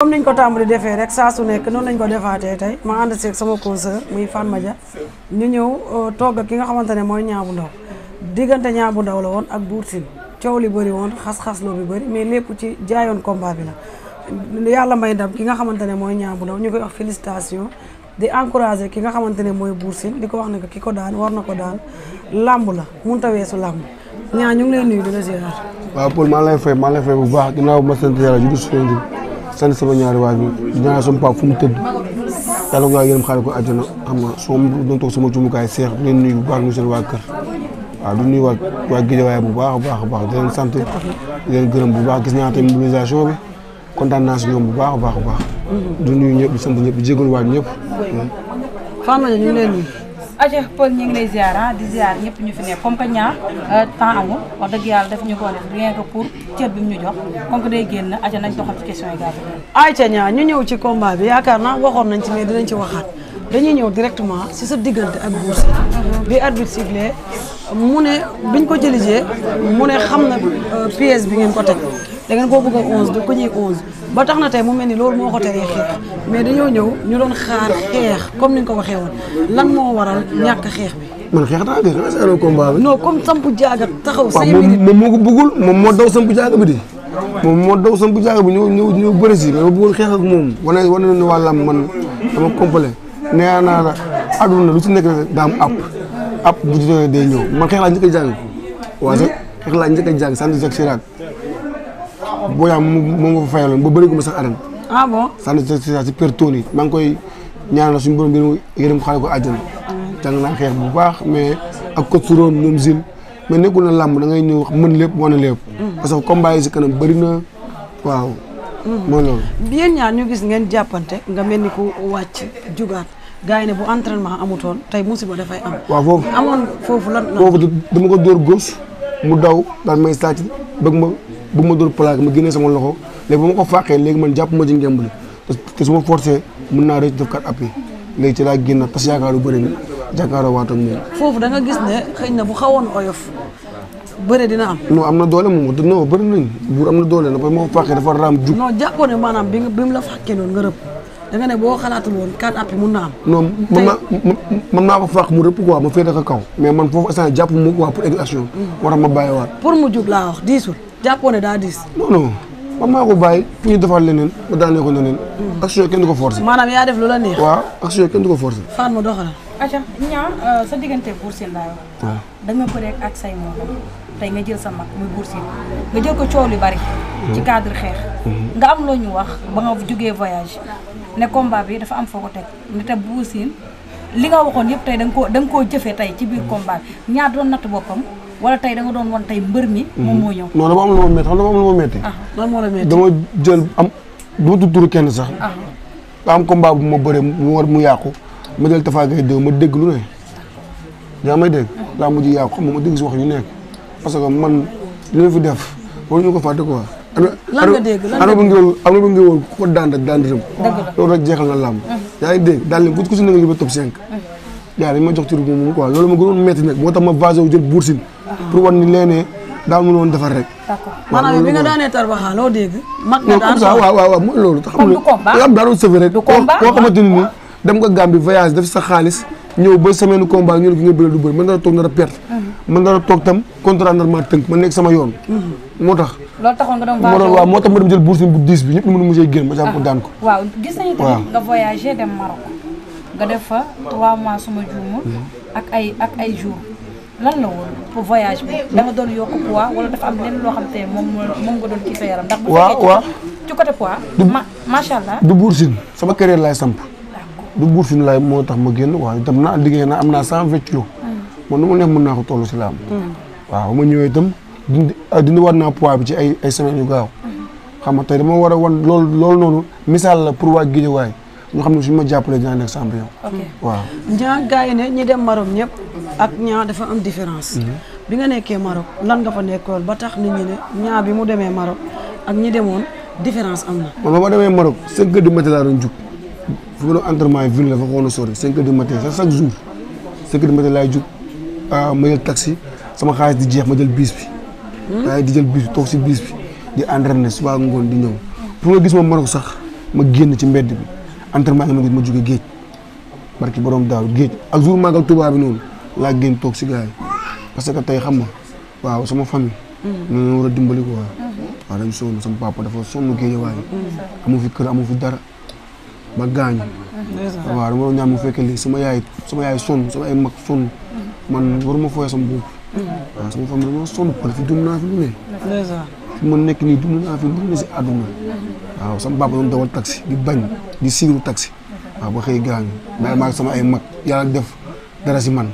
comme ñu ko tàmbali defee rek saa su nekk noonu lañ ko defaatee tey ma ànd seeg sama consœur muy Fatma Dia ñu ñëw euh, togg ki nga xamante ne mooy Niang Bou Ndaw diggante Niang Bou Ndaw la woon ak Bour Sine coow li bëri woon xas-xas loo bi bëri mais lépp ci jaayoon combat bi la yàlla may ndam ki nga xamante ne mooy Niang Bou Ndaw ñu koy wax félicitation di encourager ki nga xamante ne mooy Bour Sine di ko wax ne ki ko daan war na ko daan làmb la mun ta weesu làmb ñaa ñu ngi lay nuyu di la ziar. waaw Paul maa lay fay maa lay fay bu baax ginnaaw ma sant yàlla sant sama ñaari waajur ñaanal sama pap fu mu tëdd yàlla ko yàlla yërëm ko àjjana xam nga soo doon toog sama jumukaay seex bu leen nuyu bu baax ñu seen waa kër a du nuyu waa waa Guédiawaye bu baax a baax di leen sant di leen gërëm bu baax gis naa tamit mobilisation kontaan naa si ñoom bu baax a baax a baax. du nuyu ñëpp di sant ñëpp di jégalu waat ñëpp. aja Paul ñu ngi lay ziar di ziar ñëpp ñu fi ne comme que ñaar euh, temps amul wax dëgg yàlla daf ñu ko def rien que pour cër bi mu ñu jox comme que day génn aja nañ doxal ci question yi gars yi. ayca ñaar ñu ñëw ci combat bi yaakaar naa waxoon nañ ci mais dinañ ci waxaat dañuy ñëw directement si sa diggante ak Bouur si bi arbitre sifflé mu ne biñ ko jëlijee mu ne xam na euh, pièce bi ngeen ko teg da ngeen koo bëgg a da ko ñuy 11. ba tax na tey mu mel ni loolu moo ko teree xeex mais dañoo ñëw ñu doon xaar xeex comme ni nga ko waxee woon lan moo waral ñàkk xeex bi. man xeex naa de xanaa seen combat bi. non comme sampu taxaw. cinq minutes moo ko bëggul moom moo daw sampu jaaga bi di. moom moo daw sampu jaaga bi ñëw ñëw ñëw bëri si mais ma bëggoon xeex ak moom wane wane nañu wàllam man dama complet nee naa la àdduna lu si nekk daam app app bu ci doonee ñëw man xeex laa njëkk a jàng. waaw xeex laa njëkk a jàng sant Jacques boo yaa moom ma fa fayaloon ba bëri gu ma sax arène. ah bon sànni si si si per tool yi maa ngi koy ñaanal suñu borom a yërëm xale ko bu baax mais a kot su roon ñoom zil ne ku na làmb da ngay ñëw man lépp wane lépp. Mm. parce que combat yi si kanam bëri na waaw. Mm. mooy loolu. bien ñaar ñu gis ngeen jàppante nga mel ni ko wàcc jugaat gars yi ne bu entraînement amutoon tey musiba dafay am. waaw foofu amoon foofu lan. foofu dama ko dóor góos mu daw daal ma sàcc bëgg ma. bu ma dóor plaque ma génnee sama loxo léegi ma ko fàqee léegi man jàpp ma ci ngemb li te su ma forcé mën naa rëcc def kat appui léegi ci laa génn tas yaakaaru bëri na jàkkaaroo waat ak ñoom. da nga gis ne xëy na bu xawoon oyof am. non am na doole moom non bëri nañ buur am na doole na parce que ma ko fàqee dafa raam jug. non jàppoon ne maanaam bi nga bi mu la fàqee noonu nga rëbb da nga ne mun am. non naa mu rëbb quoi ma féete ko kaw. mais man foofu instant jàpp mu quoi pour mm. ma bàyyiwaat. pour mu jug laa wax diisul. jàppoo ne daa diis. non non man maa ko bàyyi fu ñu defaat leneen ma daanee ko leneen. Hmm. action yooyu kenn du ko forcer. maanaam yaa def lu la neex. waaw action yooyu kenn du ko forcer. Fatma doxalal. acca ñaa euh, sa diggante Bour Sine laay wax. waaw da nga ak say moom tey nga jël sa mag muy Bour Sine nga jël ko coow li bari. Hmm. ci cadre xeex. Hmm. nga am loo ñu wax ba nga jógee voyage ne combat bi dafa am foo ko teg ne te Bour Sine li nga waxoon yëpp tey da nga koo da nga koo jëfee tey ci biir combat bi ñaar doon natt boppam. wala tey da nga doon wan tey mbër mi. Mhm. moom moo ñëw non dama am lu ma métti xam dama am lu ma métti. Ah, lan moo du kenn sax. daa ah. am combat bu ma bëree mu war mu yàqu ma jël Tapha Gueye déw ma dégg lu ne. yaa may dégg ah. laa mu yàqu xam nga ma dégg si wax ñu nekk parce que man li ma fi def waruñu ko fàtte quoi. lan nga dégg lan nga daan daan dërëm. loolu rek jeexal na làmb. Mm. yaa ngi nekk li ba mm. ma jox ci ruum moom moo tax ma vasé wu pour wan ni léeg-léeg daal mënu woon defar rek. d'accord maanaam bi nga daanee tarbaxa loo dégg. loolu. comme du combat xam nga daal rek. du combat koo xamante dem nga Gambie voyage def sa xaalis. ñëw ba semaine combat ñu ne ki nga bëri du na la toog a perte. Mhm. mën na tam contrat normal tënk man nekk sama yoon. Mhm. moo tax. loolu tax nga doon voyagé waaw moo tax ma dem jël bourse bu diis bi ñëpp mën a mujjee génn ma jàpp ko ah. daan ko. waaw gis nañu fa 3 mois suma juumul. Mhm. ak ay ak lan la woon pour voyage bi da doon yokk poids wala dafa du buur siin sama carrière lay samp. du buur siin laay moo tax ma génn waaw itam naa liggéey naa am naa cent vingt kilos. Hmm. man nu ma neex mën naa ko toll si laam. Hmm. waaw ma ñëwee itam dindi ah, dindi war naa bi ci ay ay semaines yu gaaw. Hmm. xam nga tey war a wan la pour waa Guédiawaye ñu xam ne suñu ma jàppalee dinaa nekk champion. ok waaw. ñaa gars ne ñi dem Maroc ñëpp. ak ñaa dafa am différence. Mhm. bi nga nekkee Maroc lan nga fa nekkoon ba tax nit ñi ne ñaa bi mu demee Maroc ak ñi demoon différence am na. man ma demee Maroc 5 heures du matin laa doon jug fu ma doon entraînement yi a sori 5 heures du matin chaque jour ah, ma jël taxi sama xaalis di jeex ma jël biis bi. Hmm? di jël bus bi toog si bus bi di entraîné suba ngoon di ñëw pour nga gis ma Maroc sax ma génn ci mbedd bi entraînement yi ma gis ma jóge géej barki borom daal géej ak jour màggal Tuubaa bi noonu. laa génn toog si gars yi parce que tey xam nga waaw sama famille. Mm-hmm. ñooñu war a dimbali ko waaw. Mm-hmm. waaw dañu sonn sama papa dafa sonn géejawaay. Mm-hmm. amu fi kër amu fi dara ba gaañu. waaw dama doon ñaan mu fekkee léegi sama yaay sama yaay sonn sama ay mag sonn man waruma fooyee sama nekk nii dund naa fi si ba xëy gaañu. daal maa sama ay mag yàlla def dara si man.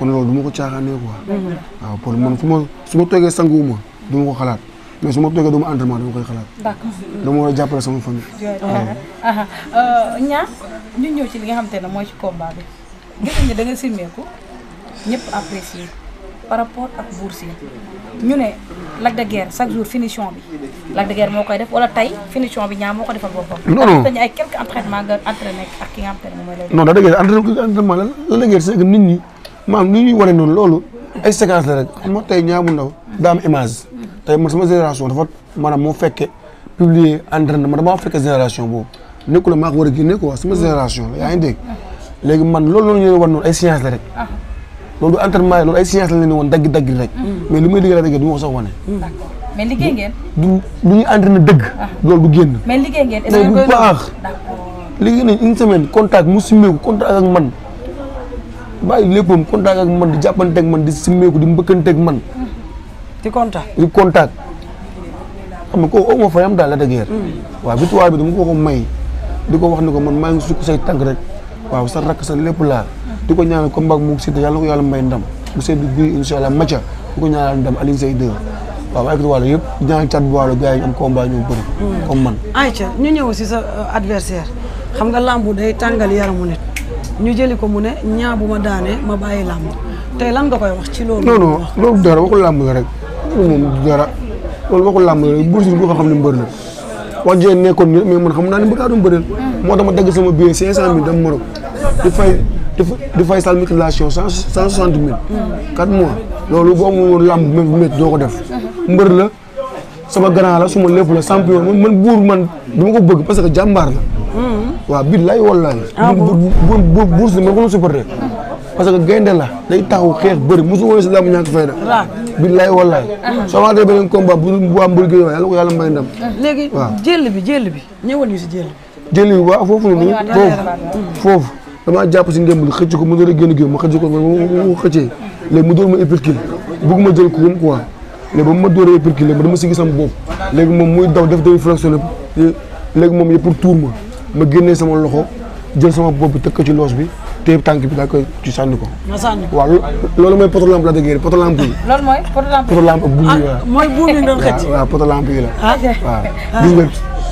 kon loolu du ko caaxaanee quoi. waaw pour man fu ma su ma toogee sanguwuma du ma ko xalaat. mais su ma toogee dama entraînement dama koy xalaat. dama war a jàppale sama famille. ñaa ah, ah. euh, ñu ñëw ci li nga xamante na mooy ci combat bi. da nga simmeeku ñëpp apprécier par rapport ak bourse ñu ne Lac de Guiers chaque jour bi Lac de moo koy def wala tey finition bi ñaa moo ko nga de Guiers nit ñi. maanaam lu ñuy wane noonu loolu ay séquence la rek xam nga tey ñaamu ndaw daa am image tey man sama génération dafa maanaam moo fekke publier entraînement damaa fekke génération boobu nekkul maa ko war a génne quoi sama génération la yaa ngi léegi man loolu loolu ñu wan noonu ay science la rek loolu entraînement yi loolu ay science la leen woon dagg dagg rek mm. mais li may liggéey rek du ma ko sax wane mais liggéey ngeen du lu ah. loolu du génn mais liggéey ngeen bu baax liggéey contact mu simmeeku contact ak man bàyyi léppam contact ak man di jàppanteeg man di simmeeku di mbëkkanteeg man. di contact di contact. xam nga kooku ma fayam daal la de guerre. Mm. waaw victoire bi dama ko ko may. di ko wax ni ko man maa ngi sukk say tànk waaw sa rakk sa lépp laa. di ko ñaanal combat mu ngi Siteu yàlla yàlla may ndam bu sedd guy incha allah macha di ko ñaanal ndam Alioune Seye 2. waaw ayca wàllu yëpp ñaanal bu wàllu gars yi ñu am ñu bëri. Mm. comme man. ayca ñu ñëw si sa euh, adversaire xam nga lambu day tàngal yaramu nit. ñu jëli ko mu ne ñaa bu ma daanee ma bàyyi làmb tey lan nga koy wax ci loolu. non non loolu dara waxul làmb la rek moom dara loolu waxul làmb la rek Boury ko xam ne mbër la wax jee nekkoon nii mais man xam naa ne mbër daa doon bëreel. Hmm. moo tax ma dagg sama billet 500000 dem Maroc di fay di fay salle mutilation 160 000. 4 mois loolu boo amul woon làmb bu métti ko def hmm. mbër la. sama grand la suma lépp la champion man buur man dama ko bëgg parce que jàmbaar la. Hmm. waaw billaay wallaay. ah bon buur si ma ko supporter parce que gaynde la day taxaw xeex bër mosu woon si làmb ñàkk fayda. waaw billaay wallaay. Uh-huh. soo ma dee beneen combat bu bu am mbir gi yàlla ko yàlla may ndam. Uh-huh. léegi jël bi jël bi ñëwal ñu si jël bi. jël bi waaw foofu la nii foofu hmm. foofu damaa jàpp si ndémb li xëcc ko mu doon génn géew ma xëcc ko ma xëccee léegi mu doon ma épicule bëgg ma jël kuum quoi. léegi ba ma dóoree perculé ma boobu léegi moom mooy daw def day flexionné léegi moom yëpp pour tuur ma ma génnee sama loxo jël sama boob bi teg ko ci loos bi te tànk bi daa koy ci sànni ko. nga ko waaw loolu mooy poto lampe la dëgg poto lampe yi. loolu mooy poto lampe poto lampe buum yi ah, waaw mooy buum yi waaw poto lampe yi la. Ah,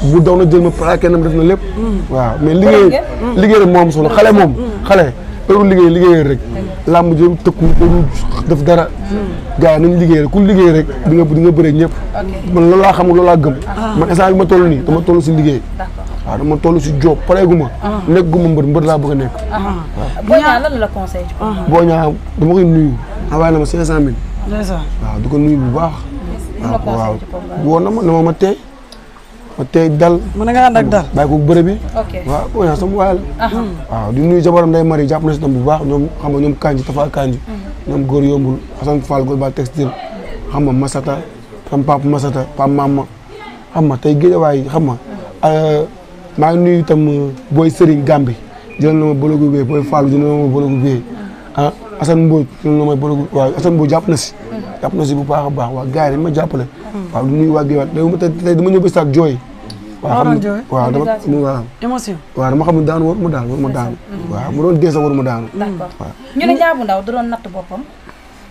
bu daw na jël ma plaqué na def na lépp. Mm. waaw mais liggéey mm. liggéey rek moo am moom. Mm. xale heure liggéey liggéey rek. lamb jëm tëkku heure daf dara. gars yi liggéey rek ku liggéey rek di nga di nga bëree ñëpp. man loolu laa xamul loolu laa gëm. Ah. ma toll nii dama toll si liggéey. waaw dama toll si job pareegu ma. Ah. nekk gu ma mbër mbër laa bëgg nekk. Ah. boo ñaa lan la conseil. boo ñaa dama koy nuyu. na ma 500000. waaw di ko nuyu bu baax. waaw woo na ma ma ma tey. ma tey dal. bi. ok waaw boo ñaa sama waay la. nuyu jabaram day mari jàpp na si tam bu baax ñoom xam nga ñoom kanji tafa kanji mm-hmm. ñoom góor yombul Assane Fall Global Textile xam nga Masata sama papa Masata papa Mama xam nga tey Guédiawaye xam nga euh, maa ngi nuyu itam euh, booy Serigne Gambi jëlal na ma bologu bee booy Fallou jëlal na ma bologu bee ah Assane Mbodj jëlal na ma jàpp na si. jàpp na si bu baax a baax waa gars yi dañ ma jàppale. Mm. waaw du nuyu waa Guédiawaye tey ma dama ñëw ba si jooy. waaw xam waaw dama waaw émotion waaw dama xam ne daan war mu daan war mu daan waaw mu doon deesa war mu daanu d'accord waaw ñu ne Ndiabou Ndaw da doon natt boppam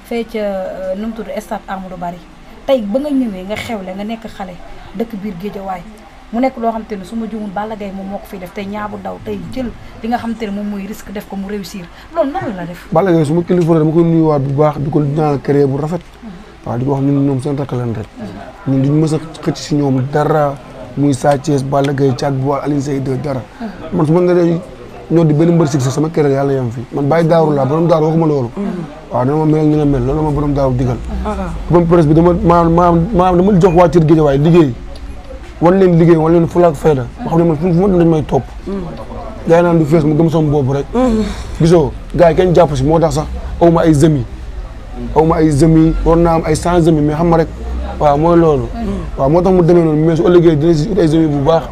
fee ca euh, nu mu tudd stade Amadou bari tey ba nga ñëwee nga xewle nga nekk xale dëkk biir Géejawaay mu nekk loo xam te ne su ma juumul Balla Gaye moom moo ko fiy def tey Ndiabou Ndaw tey jël li nga xam te ne moom mooy risque def ko mu réussir loolu nan la def Balla Gaye su ma kilifa dama ko nuyuwaat bu baax di ko ñaan bu rafet mm-hmm. waaw di ko wax ñun ñoom seen rakk lañ rek mm-hmm. ñun duñ mës a xëcc si muy Sa Thiès Balla Gaye Thiat Boy Alioune Seye dara man su ma ne di benn mbër succès sama ker yàlla yem fi man bàyyi daaru laa borom daaru waxuma loolu waaw dana ma mel ni mel loolu ma borom daaru digal borom presse bi dama jox waa Thiel Guédiawaye liggéey wan leen liggéey wan leen fulaak fayda ma xam ne man fu ma dañ may topp gars yi naan du fees mu gëm sama boobu rek gisoo gars yi jàpp si moo tax sax aw ma ay zëmi aw ma ay zëmi war naa am ay cent zëmi xam ma rek waaw mooy loolu mm-hmm. waaw moo tax mu demee noonu mais su ëllëgee dina si ut ay zones bu baax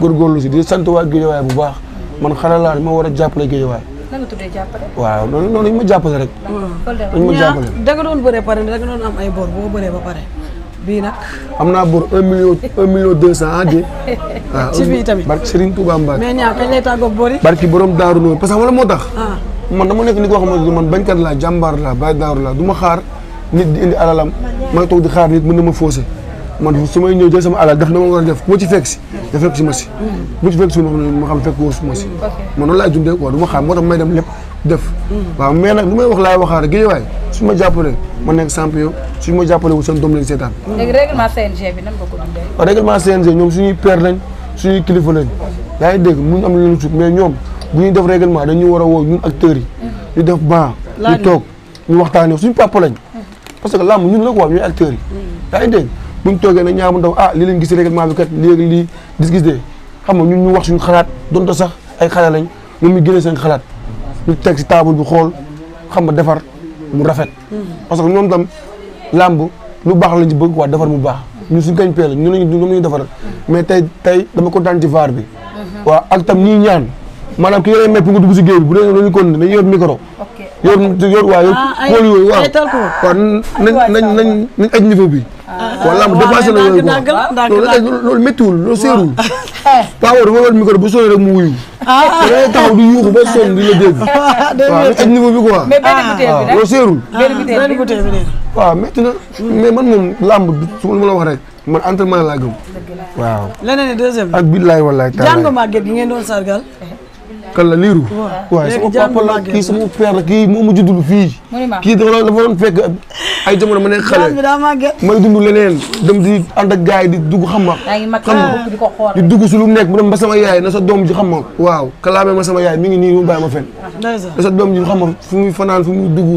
góorgóorlu si di sant waa Guédiawaay bu baax man xale laa ma war a jàppale Guédiawaay nan nga tuddee jàppale. waaw loolu loolu dañu ma jàppale rek. Mm-hmm. dañu ma jàppale da nga doon bëree pare da nga doon am ay bor boo bëree ba pare bii na am naa bor un million deux cent ah de. ci bii tamit barki Serigne Touba Mbacke. mais barki borom Daaru Noor parce que wala moo tax. Ah. man dama nekk ni ko xamante ne man laa jàmbaar laa bàyyi daaru laa du ma xaar. nit di indi alalam may toog di xaar nit mën na ma faussé man su may ñëw jël sama alal def na ma war a def bu ci fekk si da fekk si ma si mm. si ma xam fekk woosu ma si man noonu laay dundee quoi du ma xaar moo tax may dem lépp def mm. waaw mais nag lu may wax laay waxaar Guédiawaye su ma jàppale ma nekk champion su ma jàppale wu seen doom lañ seetaan mm. léegi règlement CNG bi ñoom suñuy père lañ suñuy kilifa lañ yaa ngi dégg mun am leen sut mais ñoom bu ñuy def règlement dañuy war a woo ñun acteurs yi ñu def ban ñu toog ñu waxtaanee suñu papa lañ parce que làmb ñun la ko wax ñooy acteurs yi. Mm. yaa ngi bu ñu toogee nag ñaar mu ndaw ah li leen gis règlement bi kat léegi lii gis xam nga ñun ñu wax suñu xalaat donte sax ay xalaat lañ moom mi génnee seen xalaat ñu teg si table bi xool xam nga defar mu rafet. parce que ñoom tam làmb lu baax lañ ci bëgg waa defar mu baax ñun suñ kañ peel ñu ne ñu ñoom la ñu defar mais tey tey dama kontaan ci VAR bi. waaw ak tam ñuy ñaan maanaam ki yore mepp nga dugg si géej bu dee loolu ñu ko dañuy yor micro. yor yor waaw yor xool yooyu waaw waaw nañ nañ nañ nañ aj niveau bi ah, ah. waaw lamb dépassé na yooyu quoi loolu méttiwul loolu seerul eh. paaw dafa war micro bu sonné rek mu wuyu ah. da taxaw di yuuxu ba sonn di la dégg waaw aj niveau bi quoi waaw loolu seerul waaw métti na mais man moom lamb su ma la wax rek man entraînement laa gëm waaw leneen deuxième ak billaay wallaay jàng màgget gi ngeen doon sargal kan la liiru waaye sama papa la kii sama père la kii moo ma juddul fii kii dafa dafa doon fekk ay jamono ma nekk xale may dund leneen dem di ànd ak di dugg xam ma ah, di dugg su nekk mu dem ba sama yaay na sa doom ji xam ma waaw kalaame ma sama yaay mi ngi nii mu bàyyi ma fen na sa doom ji xam ma fu muy fanaan fu muy dugg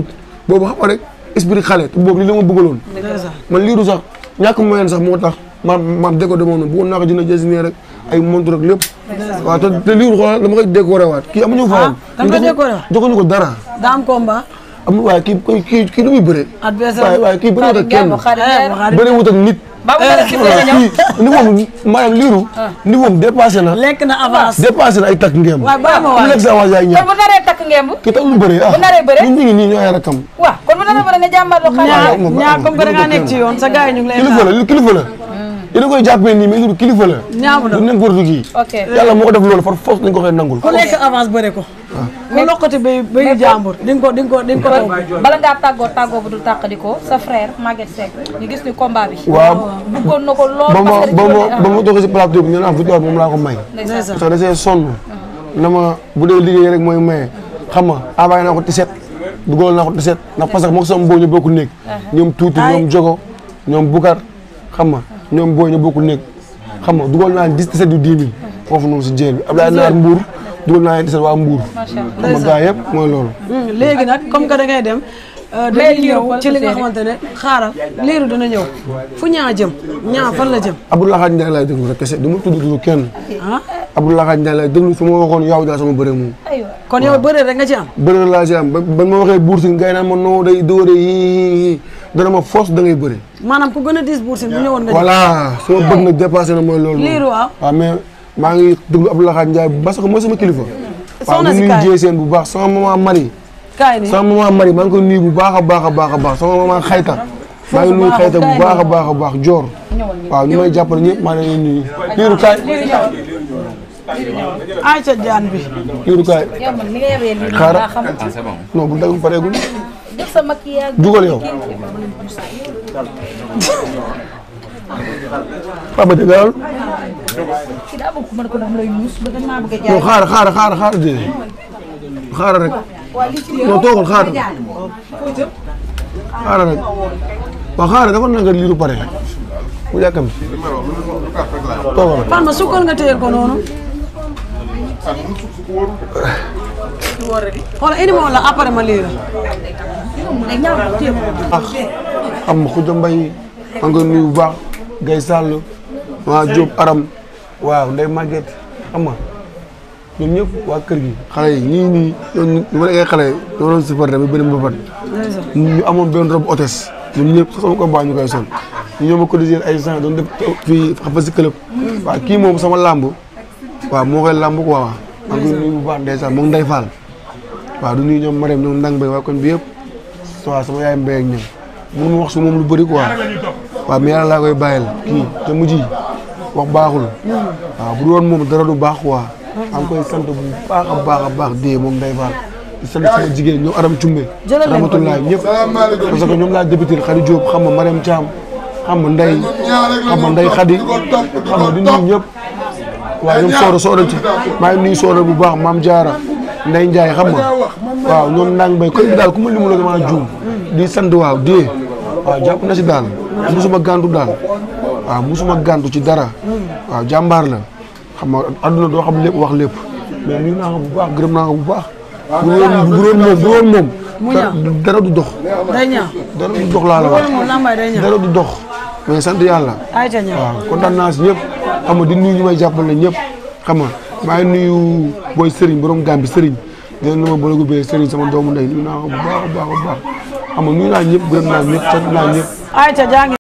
boobu xam nga rek esprit xale te boobu li la ma bëggaloon man liiru sax ñàkk moyen sax moo tax ma ma déko demoon noonu bëggoon naa ko jënd ay montre ak lépp. waaw te te lii xoolal dama koy décoré waat kii amuñu ah, fayam. ah dama koy décoré waat joxuñu ko dara. daa waaye kii kii kii nu waaye waaye kii bëree kenn bëree wut ak nit. ba mu bëri kii niveau maanaam liiru. Ah. niveau dépassé na. lekk na avance dépassé na ay takk ngemb. waaw ba ma waay kon bu naree takk ngemb. ki tam lu bëree ah bu lu xale. yéen a moo ko def loolu par force dañ ko koy nangul. ku nekk avance bëre ko. Ah. mais ku lokkati ko sa frère Maguette Seck ñu gis ni combat bi. waaw bëggoon na ko lool. ba ma toog si plateau moom laa ko may. ndeysaan parce que da see sonn. na ma bu dee liggéey rek mooy maye xam nga abaay naa ko ti set dugal naa ko ti set ndax parce que moom sama boobu ñu bokk néeg ah. ñoom tuuti ñoom jogo ñoom bukar xam nga ñoom booy ñu bokkul nekk xam nga dugal naa dix sept ou dix foofu noonu si jéel bi Abdoulaye Naar Mbour dugal naa dix sept waa Mbour xam nga gars yëpp mooy loolu hmm, léegi nag comme que da ngay dem euh, dañuy ñëw ci li nga xamante ne xaaral liiru dina ñëw fu ñaa jëm ñaa fan la jëm Abdoulaye Xaaj Ndiaye laay déglu rek kese du ma tudd tudd kenn ah? Abdou Lakhat Ndiaye la déglu sama bëre ba ba ma waxee Bour Sine gay da ngay bëre. maanaam a diis Bour Sine bu ñëwoon nga. voilà sama bëgg nag dépassé mooy loolu. liir waaw maa ngi déglu Abdou Lakhat Ndiaye parce que mooy sama kilifa. soxna si kaay seen bu baax sama maman Marie. kaay bi sama maman Marie maa ngi ko nuyu bu baax a baax baax a baax sama maman Xayta. maa ngi nuyu xayta bu baax a baax a baax joor waaw ñu may jàppale ñëpp maa ngi leen liiru kaay ayca jaan bi. Diourou Kaay. xaaral ah, non bu dagg pareegul. jugal yow. Papa Diagal. non xaaral xaaral xaaral xaaral de xaaral rek. non toogul xaaral. xaaral rek. waaw xaaral dafa nanga liiru pare. mu yàkkam. toogal. Fan ma sukkal nga téye ko noonu. xoolal indi ma wala après ma lii la. xam ah, nga Khoudia Mbaye maa ngi nuyu bu baax Gaye Sall Aram waaw Ndeye Maguette xam nga ñoom ñëpp waa kër gi xale yi ñii nii ñooñu ñu mën a xale yi ñoo doon supporté ba benn bëfat ñu amoon benn robe hôtesse ñoom ñëpp sama ko baax ñu koy sol ñu ñoo ma cotiser ay sang doon def fii xam si club waaw kii moom sama làmb waaw moo koy làmb quoi. maa ngi nuyu bu baax ndeysaan moom Ndeye waaw du nuyu ñoom Marème ñoom Ndang Mbaye waa kon bi yëpp waaw sama yaay Mbaye ak ñoom mënu wax su moom lu bari quoi waa mais yàlla laa koy bàyyil kii te mujj wax baaxul waaw bu doon moom dara du baax quoi am koy sant bu baax a baax a baax dee moom day baax di sant sama jigéen ñoom Adam Cumbe rahmatullahi ñëpp parce que ñoom laa débuté Khady Diop xam nga Mariam caam xam nga Ndeye xam nga Ndeye Khady xam nga di nuyu ñëpp waaw ñoom Soora ci maa ngi nuyu bu baax maam Diarra Ndeye Ndiaye xam nga waaw ñoom Nang Mbaye koy bi daal ku ma limu la dama juum di sant waaw di waaw na si daal musuma gàntu daal waaw musuma gàntu ci dara waaw jàmbaar la xam nga àdduna doo xam lépp wax lépp mais nuyu naa bu baax gërëm naa bu baax bu doon moom bu moom dara du dox. day ñaaw dara du dox laa la wax. dara du dox. mais sant yàlla. ayca ñaaw waaw kontaan xam nga di nuyu ñu may jàppale ñëpp xam nga maa ngi nuyu booy Serigne borom Gàmbi Serigne dina na ma bologu bee Serigne sama doomu ndey nuyu naa ko bu baax a baax a baax xam nuyu naa ñëpp gërëm naa ñëpp sant naa ñëpp